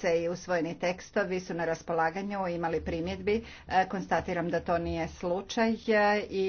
se i usvojeni tekstovi su na raspolaganju imali primjedbi. E, konstatiram da to nije slučaj e, i